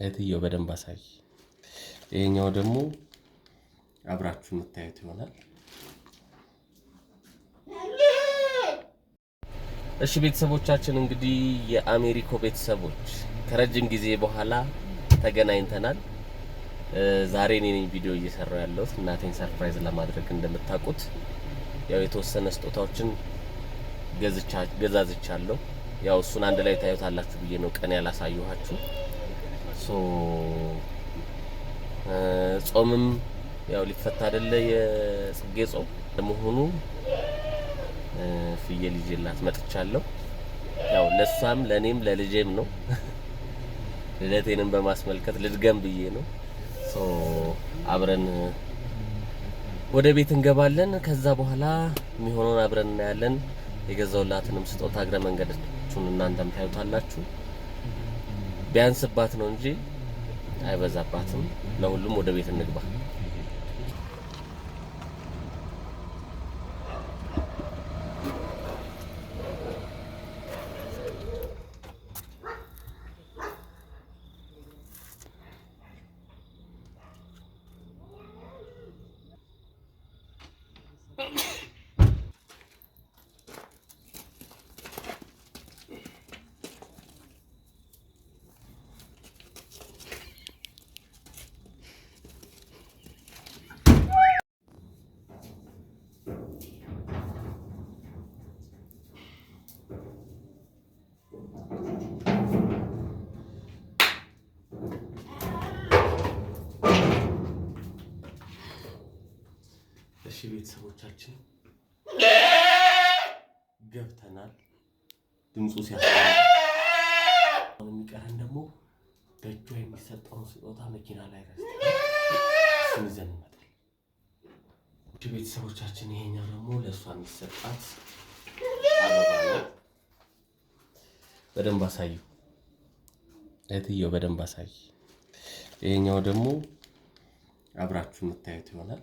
ለየትየው በደንብ አሳይ። ይሄኛው ደግሞ አብራችሁ የምታዩት ይሆናል። እሺ ቤተሰቦቻችን እንግዲህ የአሜሪኮ ቤተሰቦች ከረጅም ጊዜ በኋላ ተገናኝተናል። ዛሬ እኔ ነኝ ቪዲዮ እየሰራው ያለሁት እናቴን ሰርፕራይዝ ለማድረግ እንደምታውቁት ያው የተወሰነ ስጦታዎችን ገዛዝቻለሁ። ያው እሱን አንድ ላይ ታዩታላችሁ ብዬ ነው ቀን ያላሳየኋችሁ። ጾምም ያው ሊፈታ አይደለ የጽጌ ጾም ለመሆኑ ፍየል ይዤላት መጥቻለሁ። ያው ለሷም ለኔም ለልጄም ነው። ልደቴንም በማስመልከት ልድገም ብዬ ነው። ሶ አብረን ወደ ቤት እንገባለን። ከዛ በኋላ የሚሆነውን አብረን እናያለን። የገዛውላትንም ስጦታ እግረ መንገዳችሁን እናንተም ታዩታላችሁ። ቢያንስባት ነው እንጂ አይበዛባትም። ለሁሉም ወደ ቤት እንግባ። ቤተሰቦቻችን ገብተናል። ድምፁ ሲያ የሚቀረን ደግሞ በእጇ የሚሰጠውን ስጦታ መኪና ላይ ረስተን ይዘን እንመጣለን። ቤተሰቦቻችን ይሄኛው ደግሞ ለእሷ የሚሰጣት በደንብ አሳዩ፣ እህትየው በደንብ አሳይ። ይሄኛው ደግሞ አብራችሁ የምታዩት ይሆናል።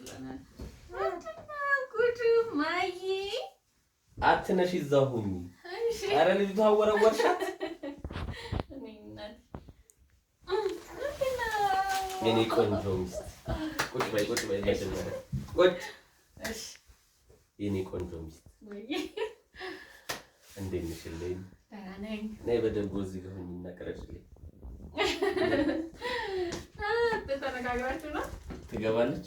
ያስመስለናል። ጉዱ ማይ አትነሽ፣ ይዛ ሁኚ። አረ ልጅቷ ወረወርሻት። እኔ ቆንጆ ሚስት ቁጭ በይ፣ ቁጭ በይ፣ መጀመሪያ ቁጭ። የኔ ቆንጆ ሚስት እንዴት ነሽልኝ? ነይ በደንብ እዚህ ጋር ቅረጭልኝ። ተነጋግራችሁ ነው ትገባለች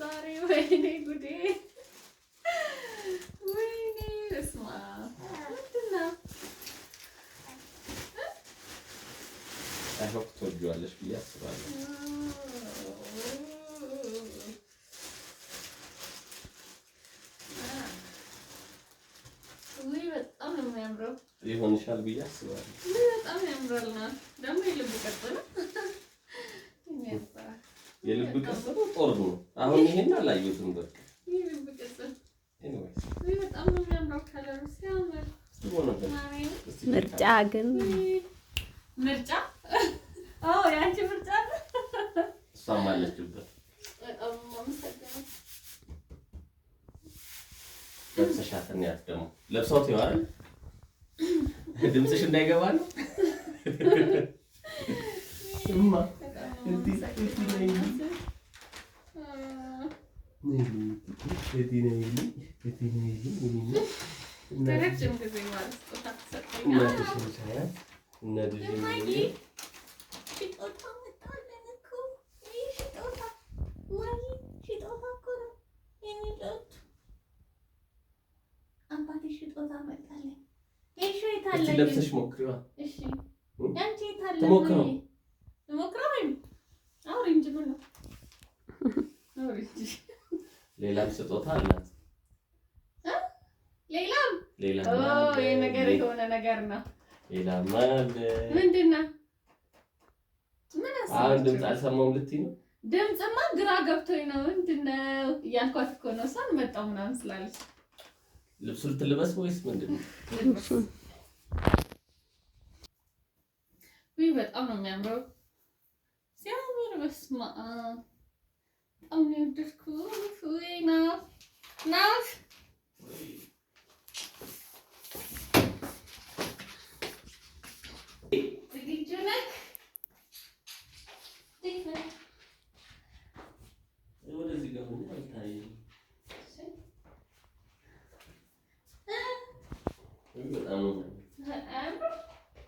ዛሬ ወይኔ ጉዴ ወይኔ እስማ ምንድን ነው? አይሆን ትወጂዋለሽ ብዬ አስባለሁ። በጣም ነው የሚያምረው። ይሆንሻል ብዬ አስባለሁ። በጣም ያምራልና ደግሞ የልብ ቅርጽ ነው የልብ ቅርጽ ነው። ጦር ነው። አሁን ይሄን አላየሁትም። በቃ የልብ ቅርጽ ምርጫ ግን ምርጫ አዎ፣ የአንቺ ምርጫ እሷም አለችበት። ለብሰሻት ደግሞ ለብሰውት ይዋል ድምፅሽ እንዳይገባ ነው እማ Dediğine iyilik. Ne iyilik? Dediğine iyilik. Dediğine iyilik. Iyilik. Teraz czym ty zajmowałeś? To tak co? Na tysiąc, nie? Na tysiąc. ለብሰሽ ሞክሪዋ። እሺ ያንቺ ታለ ሞክረው ሌላም ስጦታ አላት። ሌላም ነገር የሆነ ነገር ነው። ሌላማ ምንድን ነው? አሁን ድምፅ አልሰማሁም ልትይ ነው? ድምፅማ ግራ ገብቶኝ ነው። ምንድን ነው እያልኳት እኮ ነው። እሷን መጣሁ ምናምን ስላለች ልብሱ ልትልበስ ወይስ ምንድን ነው? ውይ በጣም ነው የሚያምረው። ሲያምር በስመ አብ በጣም ነው የወደድኩት።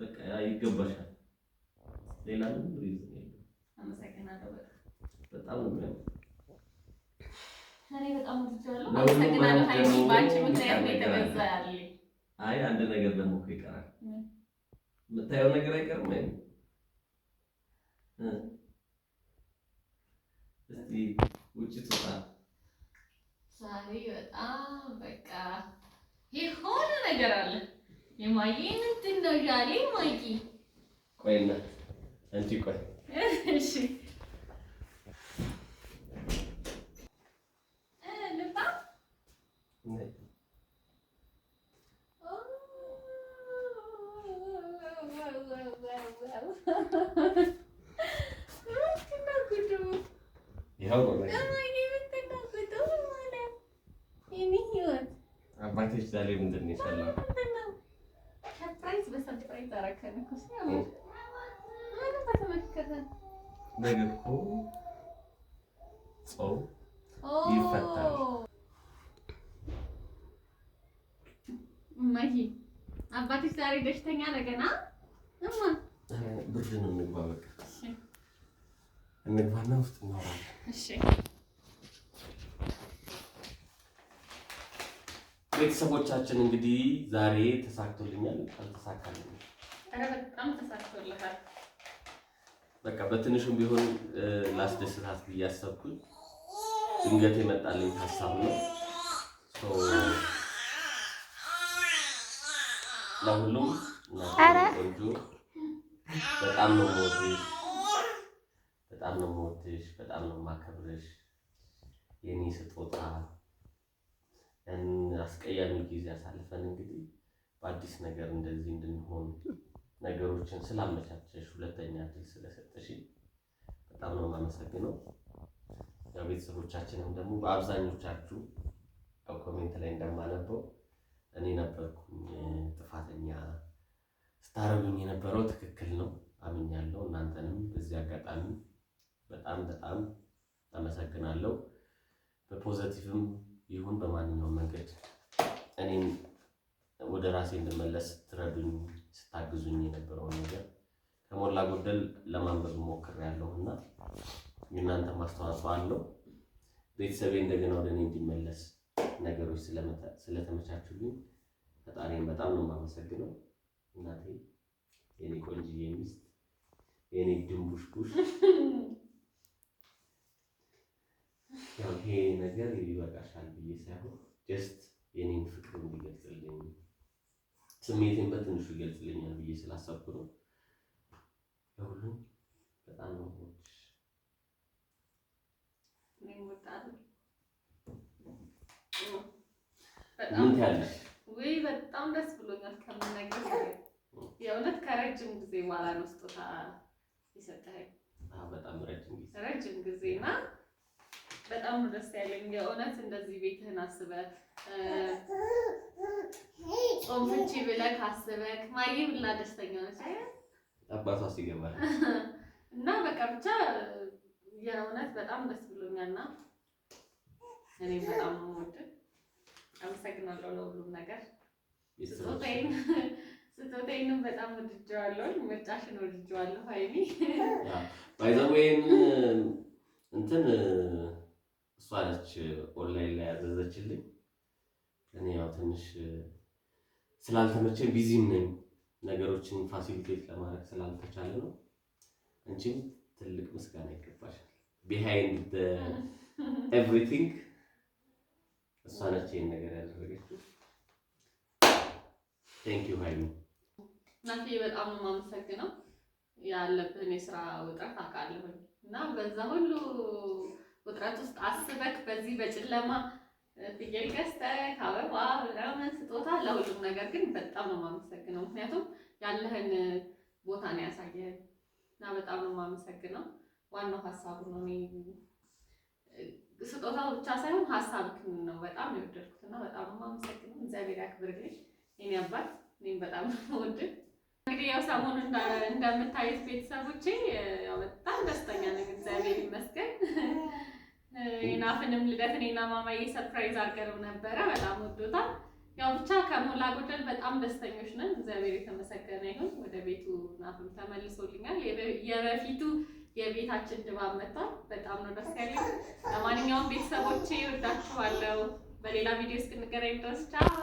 በቃ ይገባሻል። ሌላ ምንም ሪዝን የለም። በጣም ነው አይ አንድ ነገር ደግሞ እኮ ይቀራል። የምታየው ነገር አይቀርም። አይ እስቲ ውጭ ትወጣ ዛሬ በጣም በቃ የሆነ ነገር አለ የማዬ ምንድን ነው ዣሌ? ማዬ ቆይና አንቺ ቆይ እሺ። ልባ አባቶች ዛሬ ምንድን ነው የሰላም ነገ እኮ ጾው ይፈታል። እማዬ አባትሽ ዛሬ ደስተኛ ነገና እማ ብርድ ነው። እንግባ በቃ እንግባና ውስጥ እናወራለን። እሺ ቤተሰቦቻችን እንግዲህ ዛሬ ተሳክቶልኛል፣ አልተሳካልኝም። ኧረ በጣም ተሳክቶልሃል። በቃ በትንሹም ቢሆን ላስደስታት ብዬ አሰብኩኝ። ድንገት የመጣልኝ ሀሳብ ነው። ለሁሉም ቆንጆ፣ በጣም ነው የምወድሽ፣ በጣም ነው የምወድሽ፣ በጣም ነው የማከብርሽ የኔ ስጦታ። አስቀያሚ ጊዜ አሳልፈን እንግዲህ በአዲስ ነገር እንደዚህ እንድንሆን ነገሮችን ስላመቻቸሽ፣ ሁለተኛ እድል ስለሰጠሽ በጣም ነው የማመሰግነው። ቤተሰቦቻችንም ደግሞ በአብዛኞቻችሁ ኮሜንት ላይ እንደማነበው እኔ ነበርኩኝ ጥፋተኛ ስታረጉኝ የነበረው ትክክል ነው አምኛለሁ። እናንተንም በዚህ አጋጣሚ በጣም በጣም አመሰግናለሁ። በፖዘቲቭም ይሁን በማንኛውም መንገድ እኔም ወደ ራሴ እንድመለስ ትረዱኝ ስታግዙኝ የነበረውን ነገር ከሞላ ጎደል ለማንበብ ሞክር ያለው እና የእናንተም አስተዋጽኦ አለው። ቤተሰቤ እንደገና ወደ እኔ እንዲመለስ ነገሮች ስለተመቻቹልኝ ፈጣሪን በጣም ነው የማመሰግነው። እናቴ፣ የኔ ቆንጅዬ ሚስት፣ የኔ ድንቡሽቡሽ፣ ይሄ ነገር ይበቃሻል ብዬ ሳይሆን ጀስት የኔን ፍቅር እንዲገልጽልኝ ስሜቴን በትንሹ ይገልጽልኛል ብዬ ስላሰብኩ ነው። ለሁሉም በጣም ነው ምን ትያለሽ? ወይ በጣም ደስ ብሎኛል ከምነግርሽ የእውነት ከረጅም ጊዜ በኋላ ነው ስጦታ የሰጠኸኝ። በጣም ረጅም ጊዜ ረጅም ጊዜ እና በጣም ደስ ያለኝ የእውነት እንደዚህ ቤትህን አስበህ ጾምች ብለህ ካስበህ ማየ ብላ ደስተኛ ነች አባቷ ሲገባል እና በቃ ብቻ የእውነት በጣም ደስ ብሎኛል። እና እኔ በጣም የምወድህ አመሰግናለሁ ለሁሉም ነገር ስጦታዬን ስጦታዬንም በጣም ወድጄዋለሁ። ምርጫሽን ወድጄዋለሁ። ሀይሚ ባይዘወይን እንትን እሷ ነች ኦንላይን ላይ ያዘዘችልኝ እኔ ያው ትንሽ ስላልተመቸን ቢዚም ነኝ ነገሮችን ፋሲሊቴት ለማድረግ ስላልተቻለ ነው። አንቺም ትልቅ ምስጋና ይገባሻል። ቢሃይንድ ኤቭሪቲንግ እሷ ነች ይህን ነገር ያደረገችው። ዩ ሀይሉ እናቴ፣ በጣም ነው የማመሰግነው። ያለብህን የስራ ውጥረት አውቃለሁኝ እና በዛ ሁሉ ውጥረት ውስጥ አስበክ በዚህ በጨለማ ፍየል ገዝተህ አበባ ምናምን ስጦታ ለሁሉም ነገር ግን በጣም ነው የማመሰግነው። ምክንያቱም ያለህን ቦታ ነው ያሳየህ እና በጣም ነው የማመሰግነው። ዋናው ሀሳቡ ነው። ስጦታው ብቻ ሳይሆን ሀሳብህን ነው በጣም የወደድኩት እና በጣም ነው የማመሰግነው። እግዚአብሔር ያክብርልኝ የኔ አባት። እኔም በጣም ነው ወድድ እንግዲህ ያው ሰሞኑን እንደምታዩት ቤተሰቦቼ በጣም ደስተኛ ነኝ። እግዚአብሔር ይመስገን። የናፍንም ልደት እኔና ማማዬ ሰርፕራይዝ አድርገነው ነበረ። በጣም ወዶታል። ያው ብቻ ከሞላ ጎደል በጣም ደስተኞች ነን። እግዚአብሔር የተመሰገነ ይሁን። ወደ ቤቱ ናፍም ተመልሶልኛል። የበፊቱ የቤታችን ድባብ መጥቷል። በጣም ነው ደስ ያለኝ። ለማንኛውም ቤተሰቦቼ ወዳችኋለሁ። በሌላ ቪዲዮ እስክንገናኝ ድረስ ቻው።